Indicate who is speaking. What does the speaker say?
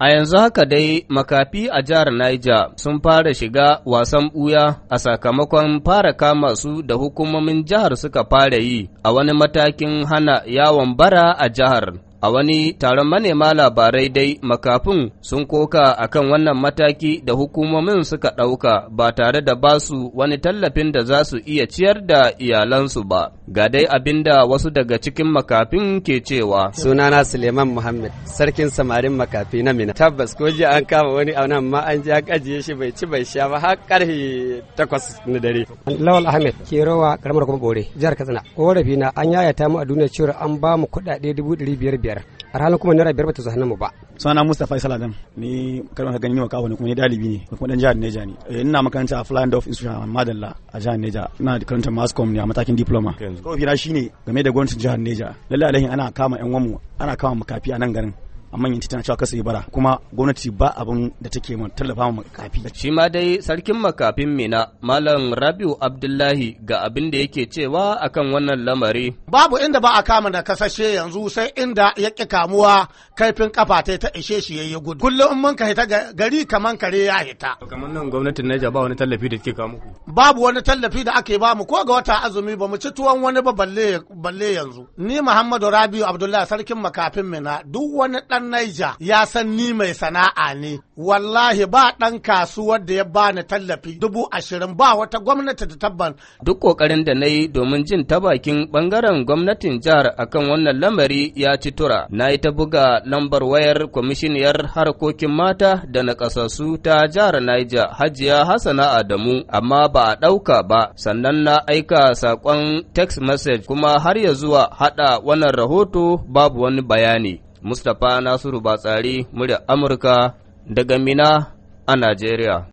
Speaker 1: A yanzu haka dai makafi a jihar Niger sun fara shiga wasan ɓuya a sakamakon fara kama su da hukumomin jihar suka fara yi a wani matakin hana yawon bara a jihar. A wani taron manema labarai dai makafin sun koka a kan wannan mataki da hukumomin suka ɗauka ba tare da ba su wani tallafin da za su iya ciyar da iyalansu ba. Ga dai abin da wasu daga cikin makafin ke cewa. Sunana Suleiman Muhammad, sarkin samarin makafi na Mina. Tabbas ko ji an kama wani a nan ma an ji an ajiye shi bai ci bai sha ba har karfe
Speaker 2: takwas na dare.
Speaker 1: Lawal Ahmed, Kerowa, karamar kuma Bore, jihar Katsina. ko rabi na an yayata mu a duniya cewa an ba mu kuɗaɗe dubu ɗari biyar biyar alhalin kuma naira biyar bata zo mu ba sana Mustapha
Speaker 2: Isa ne ni karban ka gani ni makaho ne kuma ni dalibi ne kuma dan jihar Neja ne eh, ina makaranta a Flying Dove Institution Madalla a jihar Neja ina da karantar mass com ne a matakin diploma to shi ne game da gwamnatin jihar Neja lallai alaihin ana kama yan wamu ana kama makafi a nan garin a manyan tana cewa kasa bara kuma gwamnati ba abin da take ma tallafa ma
Speaker 1: makafi shi ma dai sarkin makafin mina malam rabiu abdullahi ga abin da yake cewa akan wannan lamari babu inda
Speaker 3: ba a kama da kasashe yanzu sai inda ya ki kamuwa kaifin kafa ta ta ishe shi yayi gudu kullum mun ka hita gari kaman kare ya hita
Speaker 1: kamar nan gwamnatin Niger ba wani tallafi da take kamu.
Speaker 3: babu wani tallafi da ake bamu ko ga wata azumi ba mu ci tuwon wani ba balle yanzu ni Muhammadu Rabiu Abdullahi sarkin makafin mina duk wani dan Naija ya san ni mai sana'a ne wallahi ba dan kasuwar da ya bani tallafi dubu ashirin
Speaker 1: ba wata gwamnati da tabban duk kokarin da na yi domin jin ta bakin bangaren gwamnatin jihar akan wannan lamari ya ci tura na yi ta buga lambar wayar kwamishiniyar harkokin mata da na nakasassu ta jihar Naija, Hajiya Hassana Adamu amma ba ba ɗauka ba, sannan na aika saƙon text message kuma har ya zuwa haɗa wannan rahoto babu wani bayani. Mustapha Nasiru Batsari, murya Amurka, daga Mina a Najeriya.